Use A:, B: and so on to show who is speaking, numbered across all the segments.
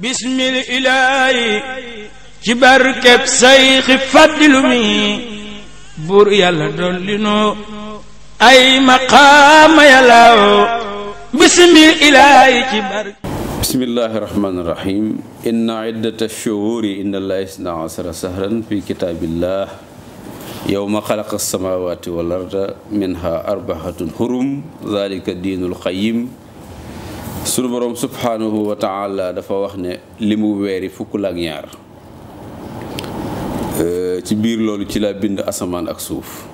A: bismil ilaahi ci barkeb sayxi fàddilu mi buur yàlla dolli noo ay maqaama yàllaw bismil ilaahi ci barke bismillahi rahmaani rahim inna iddata shuhuri inda allahi isna asara sahran fi kitaabillah yowma xalaqa alsamawati wal arda minha arbaatun hurum dalika diinul qayim sunu borom subhanahu wa taala dafa wax ne li mu yi fukk la ak ñaar ci biir loolu ci laa bind asamaan ak suuf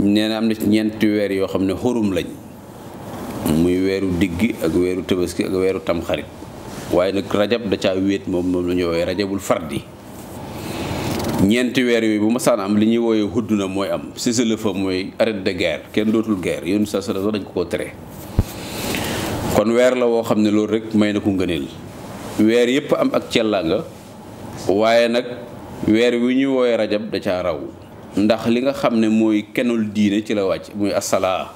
A: nee na am na ñeenti weer yoo xam ne xurum lañ muy weeru diggi ak weeru tabaski ak weeru tamxarit waaye nag rajab da caa wéet moom moom la ñu woowee rajabul fardi ñeenti weer yooyu bu masaan am li ñuy wooyee hudd na mooy am cessez le mooy arrêt de guerre kenn dootul guerre yéen sa sala dañ ko ko tere kon weer la woo xam ne loolu rek may na ko ngëneel weer yépp am ak cellaa nga waaye nag weer wi ñuy woowee rajab da caa raw ndax li nga xam ne mooy kennul diine ci la wàcc muy assalaa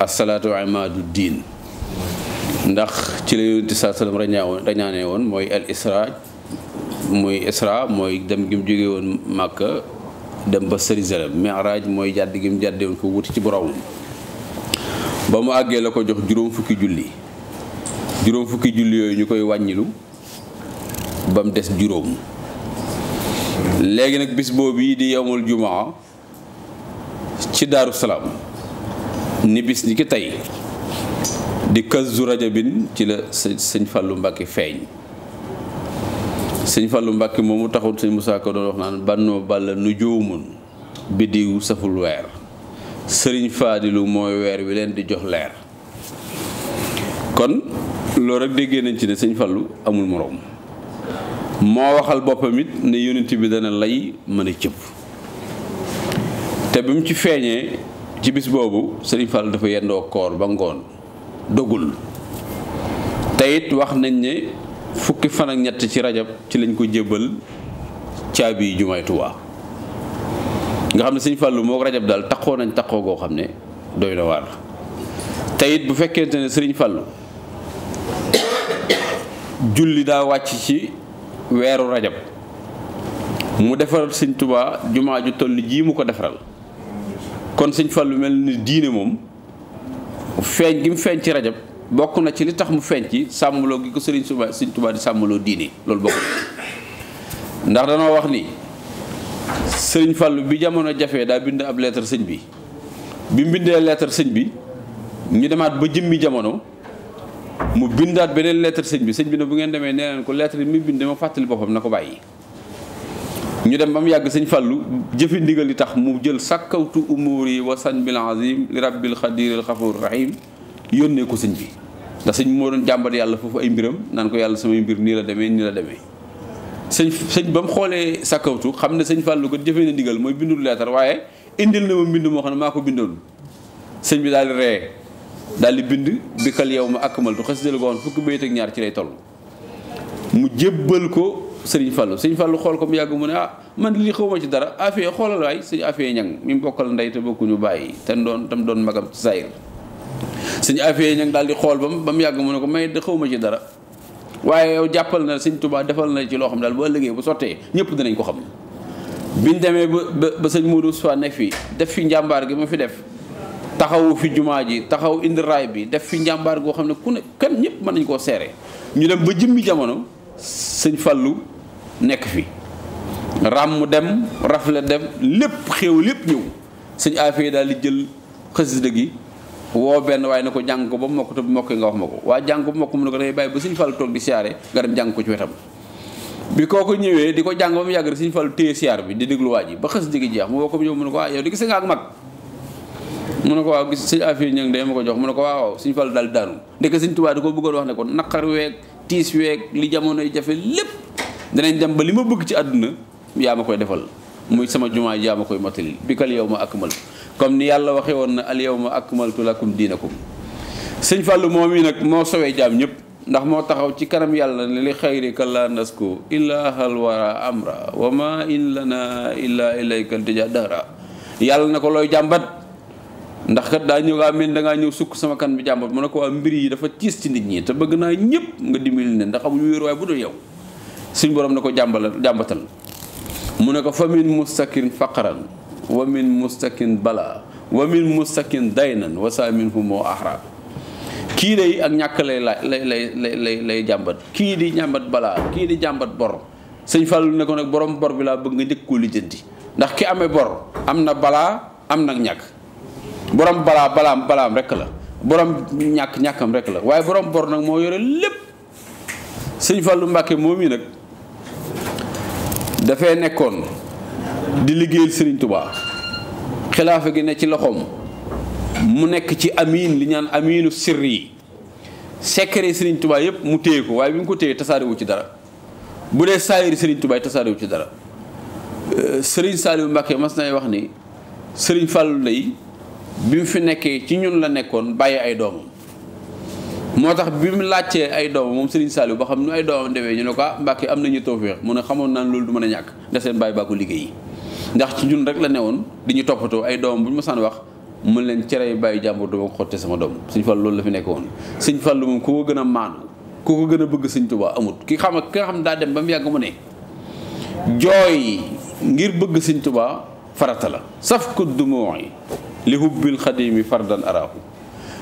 A: asalaatu imaadu diin ndax ci la yonente saa sallam rañaawoon woon mooy al isra muy isra mooy dem gi mu jógee woon màkk dem ba Jérusalem miraaj mooy jàdd gi mu jàddee woon ko wuti ci boromam ba mu àggee la ko jox juróom fukki julli juróom fukki julli yooyu ñu koy wàññilu ba mu des juróom léegi nag bis boobu yi di yowmul jumaa ci daaru salaam ni bis ni ki tey di kazu rajabin ci la sëñ Fallou Mbacke feeñ sëñ Fallou Mbacke moomu taxul sëñ Moussa Ka doo wax naan bannoo balla nu joomun biddiw saful weer sëriñ Fadilou mooy weer wi leen di jox leer kon loolu rek déggee nañ ci ne sëñ Fallou amul moroom moo waxal boppam it ne yonent bi dana lay mën a cëpp te bi mu ci feeñee ci bis boobu sëriñ Fallou dafa yendoo koor ba ngoon dogul te wax nañ ne fukki fan ñett ci rajab ci lañ ko jébbal caabi jumaay Tuubaa nga xam ne sëñ Fallou moo rajab daal taxoo nañ taxoo goo xam ne doy na waar te it bu fekkente ne sëriñ Fallou julli daa wàcc ci weeru rajab mu defaral sëñ Touba jumaa ju toll jii mu ko defaral kon sëñ Fallou mel ni diine moom feeñ gi mu feeñ ci rajab bokk na ci li tax mu feeñ ci sàmmloo gi ko sëriñ Touba sëñ Touba di sàmmloo diine loolu bokk na ndax danoo wax ni sëñ Fallou bi jamono jafee daa bind ab lettre sëñ bi bi mu bindee lettre sëñ bi ñu demaat ba jimmi jamono mu bindaat beneen lettre sëñ bi sëñ bi na bu ngeen demee nee leen ko lettre yi muy bind ma fàttali boppam na ko bàyyi. ñu dem ba mu yàgg sëñ Fallou jëfi ndigal li tax mu jël sàkkawtu umuur yi wa san bil azim li rabbil xadiril xafur rahim yónnee ko sëñ bi ndax sëñ bi moo doon jàmbat yàlla foofu ay mbiram naan ko yàlla samay mbir nii la demee nii la demee. sëñ sëñ ba mu xoolee sàkkawtu xam ne sëñ Fallou ko jëfee na ndigal mooy bindul leetar waaye indil na ma mbind moo xam ne maa ko bindoon sëñ bi daal di ree daal di bind bikal yow ma akmaltu xasida la ko xam fukki ñaar ci lay toll mu jébbal ko sëriñ Fallou sëñ Fallou xool ko mu yàgg mu ne ah, man lii xawma ci dara affaire xoolal waay sëñ affaire ñang mi mu bokkal ndey te bokkuñu bàyyi te doon tam doon magam ci saayir sëñ affaire ñang daal di xool ba mu ba mu yàgg mu ne ko may de ma ci dara waaye yow jàppal na sëñ Tuubaa defal na ci loo xam ne daal boo liggéey bu sottee ñëpp dinañ ko xam bi biñ demee ba ba sëñ Modou Sow nekk fii def fi njàmbaar gi mu fi def taxawu fi jumaa ji taxaw indi raay bi def fi njàmbaar goo xam ne ku ne kenn ñëpp mën nañ koo seere ñu dem ba jëmmi jamono sëñ falu nekk fi ràmm dem rafle dem lépp xéew lépp ñëw sëñ affaire daal di jël xasida gi woo benn waaye ne ko jàng ko ba mu te bu mokkee nga wax ma ko waa jàng ko bu mokk mu ne ko day bàyyi ba Sëñ Fallu toog di siyaare nga dem jàng ko ci wetam bi kooku ñëwee di ko jàng ba mu yàgg rek Sëñ Fallu téye siyaar bi di déglu waa ba xës digi ko yow mu ne ko waaw yow di gis nga ne ko waaw gis sëñ affaire ñangi day ma ko jox mu ne ko waaw waaw Sëñ Fallu daal daanu ndeke Sëñ Tuubaa di ko bëggoon wax ne ko naqar weeg tiis weeg li jamonoy jafe lépp danañ dem ba li ma bëgg ci àdduna yaa ma koy defal muy sama jumaa jaama koy mottali bi kal yow ma ak akmal comme ni yàlla waxee woon na al yow ma akmaltu lakum ko sëñ Fallou moom yi nag moo sowee jaam ñëpp ndax moo taxaw ci kanam yàlla ne li xayrika la nasku illa halwara amra wa ma in lana illa ilayka tija dara yàlla na ko looy jàmbat ndax daa ñëw gaa mel da ngaa ñëw sukk sama kan bi jàmbat mu ne ko waa mbir yi dafa tiis ci nit ñi te bëgg naa ñëpp nga dimbali ne ndax amuñu wéeruwaay bu dul yow suñ borom na ko jàmbala jàmbatal mu ne ko fa min mustakin faqran wa min mustakin balaa wa min mustakin daynan wa saa minhu moo ahraab kii day ak ñàkk lay lay lay lay jàmbat kii di jàmbat balaa kii di jàmbat bor sëñ Fallou ne ko nag borom bor bi laa bëgg nga njëkk koo lijjanti ndax ki amee bor am na balaa am nag ñàkk borom balaa balaam balaam rek la borom ñàkk ñàkkam rek la waaye borom bor nag moo yore lépp sëñ Fallou Mbàkke moom yi nag. dafay nekkoon di liggéeyal Serigne Touba xilaafa gi ne ci loxoom mu nekk ci amiin li ñaan amiinu sirri yi secret Serigne Touba yëpp mu téye ko waaye bi mu ko téyee tasaarewu ci dara bu dee saayiri Serigne tubaay tasaarewu ci dara euh, Serigne Saliou Mbacké mas nay wax ni Serigne Fallou lay bi mu fi nekkee ci ñun la nekkoon bàyyi ay doomam. moo tax bi mu laajtee ay doomam moom Serigne Saliou ba xam nu ay doomam demee ñu ne ko ah, Mbàkke am nañu tawféex mu ne xamoon naan loolu du mën a ñàkk ndax seen bàyyi baa ko liggéey ndax ci ñun rek la newoon di ñu toppatoo ay doomam bu ñu masaan wax mën leen cere bàyyi jàmbur duma ko xotte sama doom Sëñ Fallu loolu la fi nekk woon Sëñ Fallu moom ku ko gën a maanu ku ko gën a bëgg Sëñ Tuubaa amut ki xam ki nga xam daa dem ba mu yàgg mu ne jooy ngir bëgg Sëñ Tuubaa farata la saf ko dumooy li hubbil xadimi fardan araahu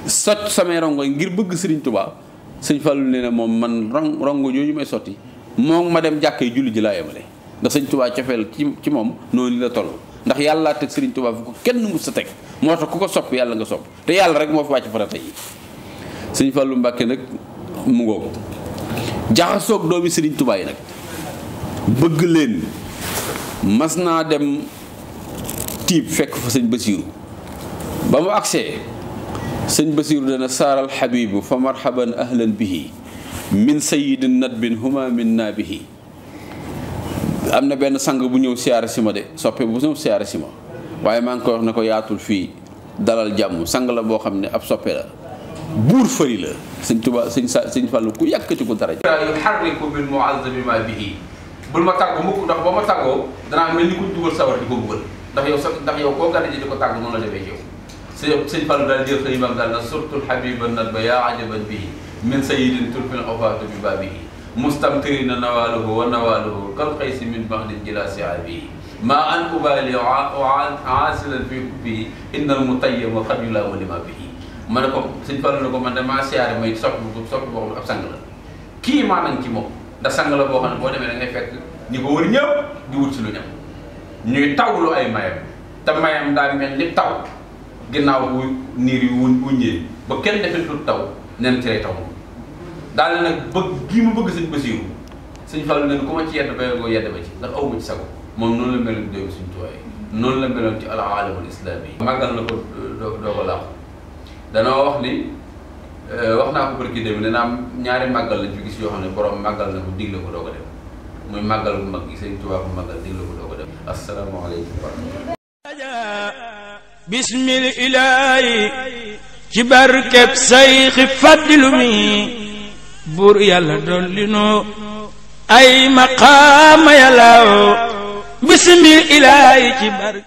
A: sot samay rongo ngir bëgg sëriñ tubaa sëñ Fallu nee na moom man rong rongo jooju may sotti moom ma dem jàkkee julli ji laa yemale ndax sëñ Tuubaa cofeel ci ci moom noonu la toll ndax yàlla teg sëriñ Tuubaa fu ko kenn mu sa teg moo tax ku ko sopp yàlla nga sopp te yàlla rek moo fi wàcc farata tey sëñ Fallu Mbàkke nag mu ngoog jaxasoog doomi sëriñ Tuubaa yi nag bëgg leen mas naa dem tiib fekk fa sëñ Basiiru ba mu agsee sëñ Basiiru dana saaral xabibu fa marhaban ahlan bihi min sayidin nat bin huma min naa bihi am na benn sang bu ñëw siyaare si ma de soppe bu ñëw siyaare si ma waaye maa ngi koy wax ne ko yaatul fii dalal jàmm sang la boo xam ne ab soppe la buur fëri la sëñ Tuubaa sëñ sa sëñ Fàllu ku yàkkati ko dara yuharriku bil muazzami ma bihi bul ma tàggu mukk ndax boo ma tàggoo danaa mel ni ku dugal sawar di ko bëggal ndax yow sa ndax yow koo gànna di ko tàggu sëñ sëñ Fallou daal jël xëy na surtout xabiba nat ba yaa ajabat bii min sayidin turfil ofaatu bi baabihi mustamtirina nawaaluhu wa nawaaluhu kal xaysi min baxdin jila siaabihi maa an ubaali aasilan fi hubbihi innal mutayyama xad ma ne ko sëñ Fallou ko man damaa siyaare may soppi bu soppi boo xam ne ab sang la kii maanaam ci moom ndax sang la boo ne boo demee da ngay fekk ñi di wut si lu ñam ñuy ay mayam te mayam ni taw ginnaaw bu niir yu wuñ wuññee ba kenn defee lu taw neen ci lay taw daal ne nag bëgg gii ma bëgg sëñ Basiiru sëñ Fallu ne ku ma ci yedd ba ko yedd ba ci ndax aw ma ci sago moom noonu la meloon noonu la meloon ci al aalamul islaami yi màggal na ko doo ko laaxu danoo wax ni euh, wax naa ko barki dem ne naa ñaari màggal lañ fi gis yoo xam ne borom màggal na ko digle ko doo ko dem muy màggal bu mag gi sëñ Tuubaa ko digle ko doo ko dem asalaamaaleykum wa rahmatulah bismil ilaahi ci barkeb sayxi faddilu mi buur yàlla dolli ay maqaama yàlla bismil